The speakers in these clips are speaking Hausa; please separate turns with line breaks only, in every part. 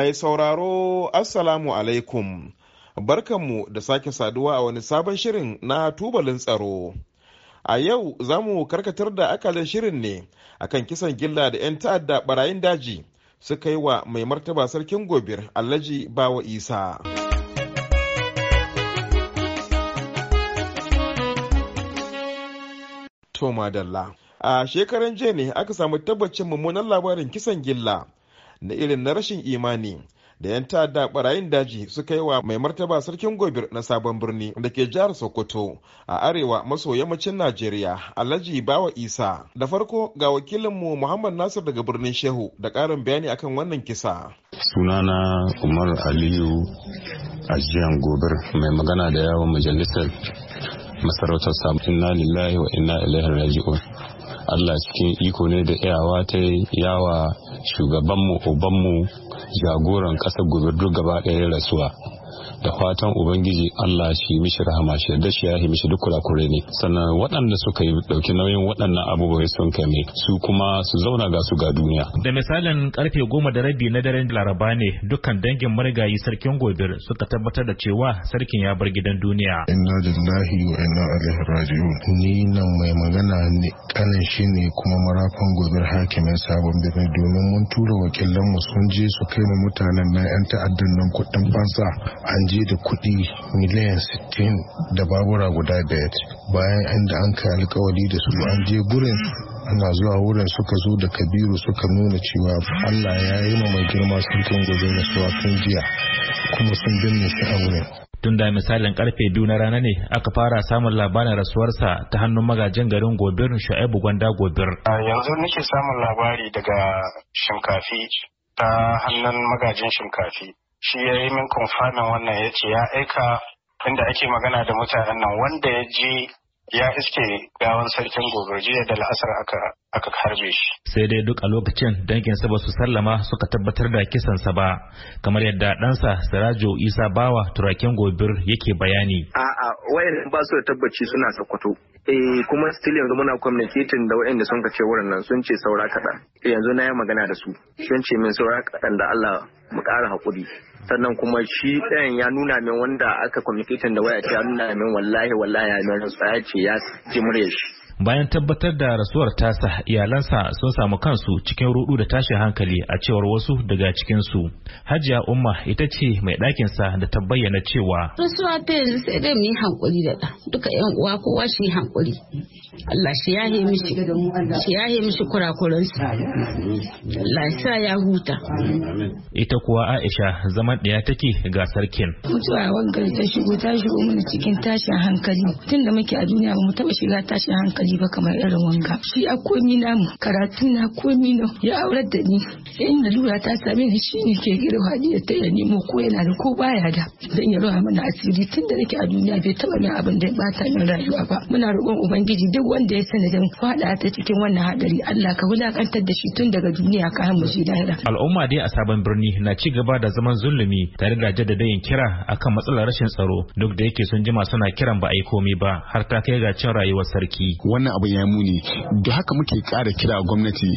Mai sauraro Assalamu alaikum. Barkanmu da sake saduwa a wani sabon shirin na tubalin tsaro. A yau za mu karkatar da akalin shirin ne akan kisan gilla da 'yan ta'adda barayin daji suka yi wa mai martaba sarkin gobir Alhaji Bawa Isa. Toma Dalla. A shekaran jiya ne aka samu tabbacin mummunan labarin kisan gilla na irin na rashin imani da 'yan ta'adda barayin daji suka yi wa mai martaba sarkin gobir na sabon birni da ke jihar sokoto a arewa maso yammacin najeriya alhaji bawa isa da farko ga wakilinmu muhammad nasir daga birnin shehu da karin bayani akan wannan kisa
sunana umar aliyu ajiyan gobir mai magana da yawon majalisar masarautar sabon inna lillahi wa inna ilaihi raji'un Allah cikin iko ne da iyawa ta yawa shugabanmu obanmu jagoran ƙasar gobe duk gaba ɗaya rasuwa da fatan ubangiji Allah shi mishi rahama shi da shi ya yi mishi duk kurakure ne sannan waɗanda suka yi dauki nauyin waɗannan abubuwa sun ne su kuma su zauna ga su ga duniya da misalin karfe goma da rabi na daren laraba ne dukkan dangin marigayi sarkin gobir suka tabbatar da cewa sarkin ya bar gidan duniya inna lillahi wa inna ilaihi raji'un ni nan mai magana ne kanin shi ne kuma marafan gobir hakimin sabon birni domin mun tura wakilan mu sun je su kai mu mutanen na yan ta'addan nan kuɗin fansa a an je da kuɗi miliyan 60 da babura guda biyar bayan inda an kai alkawari da su an je gurin ana zuwa wurin suka zo da kabiru suka nuna cewa allah ya yi ma mai girma sun kan gobe na suwa tun jiya kuma sun binne shi a wurin tun da misalin karfe biyu na rana ne aka fara samun labarin rasuwarsa ta hannun magajin garin gobirin shu'aibu gwanda gobir
yanzu nake samun labari daga shinkafi ta hannun
magajin shinkafi shi ya yi min confirming wannan ya ce ya aika inda ake magana da mutanen nan wanda ya je ya iske gawan sarkin jiya da la'asar aka harbe shi. Sai dai duk a lokacin danginsa ba su sallama suka tabbatar da kisansa ba, kamar yadda ɗansa Sirajo Isa Bawa turakin gobir yake bayani. wayan ba su da tabbaci suna sakwato eh kuma still yanzu muna communicating da wayanda sun kace wurin nan sun ce saura kaɗan eh, yanzu na yi magana da su sun ce min saura kaɗan da Allah mu ƙara haƙuri sannan kuma shi ɗayan ya nuna min wanda aka communicating da waya ce ya nuna min wallahi wallahi ya nuna ya ce ya ji muryar shi bayan tabbatar da rasuwar tasa iyalansa sun samu kansu cikin rudu da tashin hankali a cewar wasu daga cikinsu hajiya umma ita ce mai ɗakinsa da ta bayyana cewa
rasuwa ta yanzu sai dai mu yi hankuri da duka yan uwa kowa shi hankuri Allah shi ya yi mishi shi ya yi mishi kurakuransa Allah sa ya huta
ita kuwa Aisha zaman ɗaya take ga sarkin
mutuwa wangar ta shigo ta shigo mana cikin tashin hankali tun da muke a duniya ba mu taɓa shiga tashin hankali hankali ba kamar irin wanga shi a komi namu karatu na komi na ya aurar da ni in lura ta same ni shi ne ke gida hadiya ta ya nemo ko yana da ko baya da dan ya rawa mana asiri tun da nake a duniya bai taba min abin da ya bata min rayuwa ba muna roƙon ubangiji duk wanda ya sanadin fada ta cikin wannan haɗari Allah ka wulakantar da shi tun daga duniya ka mu shi lahira
al'umma dai a sabon birni na ci gaba da zaman zulumi tare da jaddadayin kira akan matsalar rashin tsaro duk da yake sun jima suna kiran ba a yi komai ba har ta kai ga cin rayuwar sarki wannan abin ya muni da haka muke kara kira gwamnati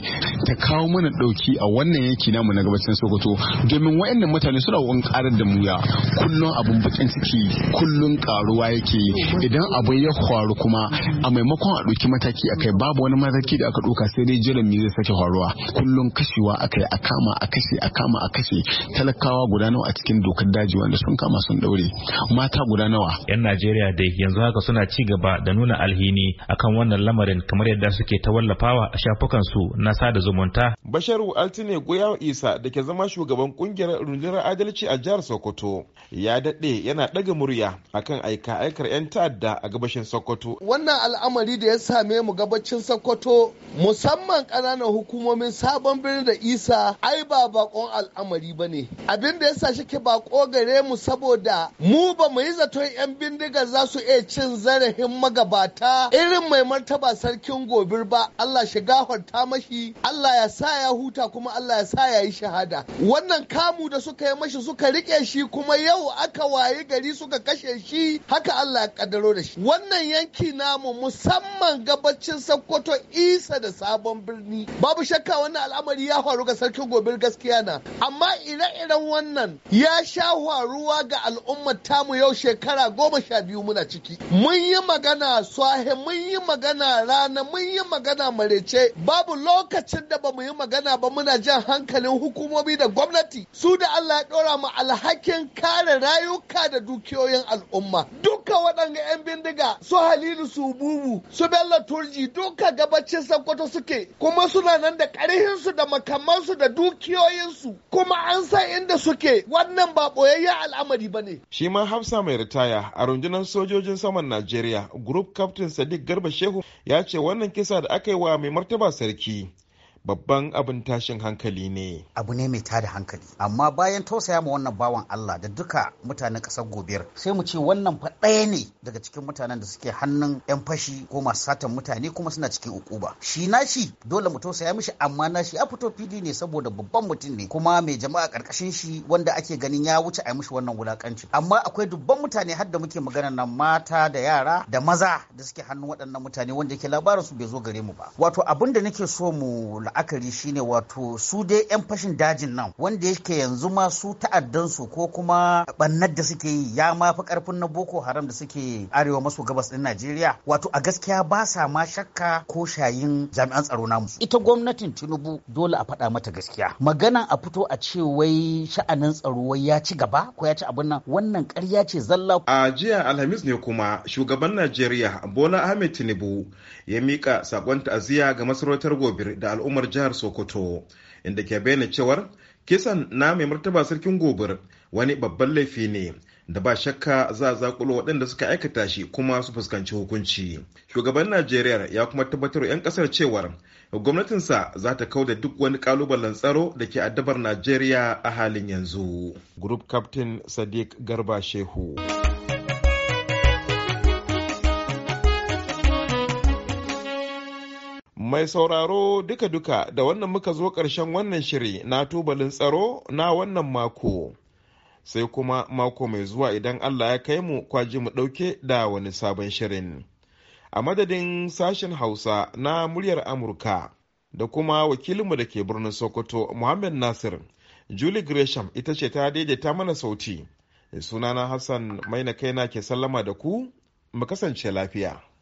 ta kawo mana dauki a wannan yanki namu na gabacin sokoto domin wayannan mutane suna wani karar da muya kullun abun bakin ciki kullun karuwa yake idan abin ya faru kuma a maimakon a dauki mataki akai babu wani mataki da aka dauka sai dai jiran me zai sake faruwa kullun kashewa akai a kama a kashe a kama a kashe talakawa guda nawa a cikin dokar daji wanda sun kama sun daure
mata guda nawa yan Najeriya dai yanzu haka suna ci gaba da nuna alhini akan wannan wannan lamarin kamar yadda suke ta wallafawa a shafukansu na sada zumunta.
Basharu Altine Goyawa Isa da ke zama shugaban kungiyar rundunar adalci a jihar Sokoto ya daɗe yana ɗaga murya akan aika aikar 'yan ta'adda a gabashin Sokoto.
Wannan al'amari da ya same mu gabacin Sokoto musamman ƙananan hukumomin sabon birni da Isa ai ba bakon al'amari ba ne. Abin da ya sa shi ke bako gare mu saboda mu ba mu yi zaton 'yan bindiga za su iya cin zarafin magabata irin mai martaba sarkin gobir ba Allah shi gafarta mashi Allah ya sa ya huta kuma Allah ya sa ya yi shahada wannan kamu da suka yi mashi suka rike shi kuma yau aka wayi gari suka kashe shi haka Allah ya kaddaro da shi wannan yanki namu musamman gabacin Sokoto Isa da sabon birni babu shakka wannan al'amari ya faru ga sarkin gobir gaskiya na amma ire-iren wannan ya sha faruwa ga al'ummar tamu yau shekara goma sha biyu muna ciki mun yi magana swahe mun yi magana magana rana mun yi magana marece babu lokacin da ba mu yi magana ba muna jan hankalin hukumomi da gwamnati su da Allah ya ɗora mu alhakin kare rayuka da dukiyoyin al'umma duka waɗanga 'yan bindiga su halilu su bubu su bello turji duka gabacin sakkwato suke kuma suna nan da su da makamansu da dukiyoyin su kuma an san inda suke wannan ba ɓoyayyen al'amari ba ne.
shi ma hafsa mai ritaya a rundunar sojojin saman najeriya group captain sadiq garba shehu Shehu ya ce wannan kisa da aka yi wa mai martaba
sarki babban abin tashin hankali ne abu ne mai tada hankali amma bayan tausaya ma wannan bawan Allah da duka mutanen kasar gobiyar sai mu ce wannan fa ɗaya ne daga cikin mutanen da suke hannun yan fashi ko masu satan mutane kuma suna cikin ukuba shi nashi dole mu tausaya mishi amma nashi ya fito fili ne saboda babban mutum ne kuma mai jama'a karkashin shi wanda ake ganin ya wuce a mishi wannan wulakanci amma akwai dubban mutane har da muke magana nan mata da yara da maza da suke hannun waɗannan mutane wanda ke labarin su bai zo gare mu ba wato abin da nake so mu la'akari shine wato su dai 'yan fashin dajin nan wanda yake yanzu ma su ta'addansu ko kuma bannar da suke yi ya ma fi karfin na boko haram da suke arewa maso gabas din najeriya wato a gaskiya ba sa ma shakka ko shayin jami'an tsaro namu ita gwamnatin tinubu dole a faɗa mata gaskiya magana a fito a ce wai sha'anin tsaro wai ya ci gaba ko ya ci abin nan wannan ƙarya ce zalla
a jiya alhamis ne kuma shugaban najeriya bola ahmed tinubu ya miƙa sakon ta'aziyya ga masarautar gobir da al'ummar al'ummar jihar sokoto inda ke bayyana cewar kisan na mai martaba sarkin gobir wani babban laifi ne da ba shakka za a zakulo waɗanda suka aikata shi kuma su fuskanci hukunci shugaban najeriya ya kuma tabbatar 'yan ƙasar cewar gwamnatinsa za ta kau da duk wani ƙalubalen tsaro da ke addabar najeriya a halin yanzu group captain sadiq garba shehu Mai sauraro duka-duka da wannan muka zo ƙarshen wannan shiri na tubalin tsaro na wannan mako. Sai kuma mako mai zuwa idan Allah ya kai mu kwaji mu ɗauke da wani sabon shirin. A madadin sashen Hausa na muryar Amurka da kuma wakilinmu da ke birnin Sokoto Muhammad Nasir, Julie Gresham ita ce ta daidaita mana sauti. Sunana Hassan Maina Kaina ke sallama da ku, mu kasance lafiya.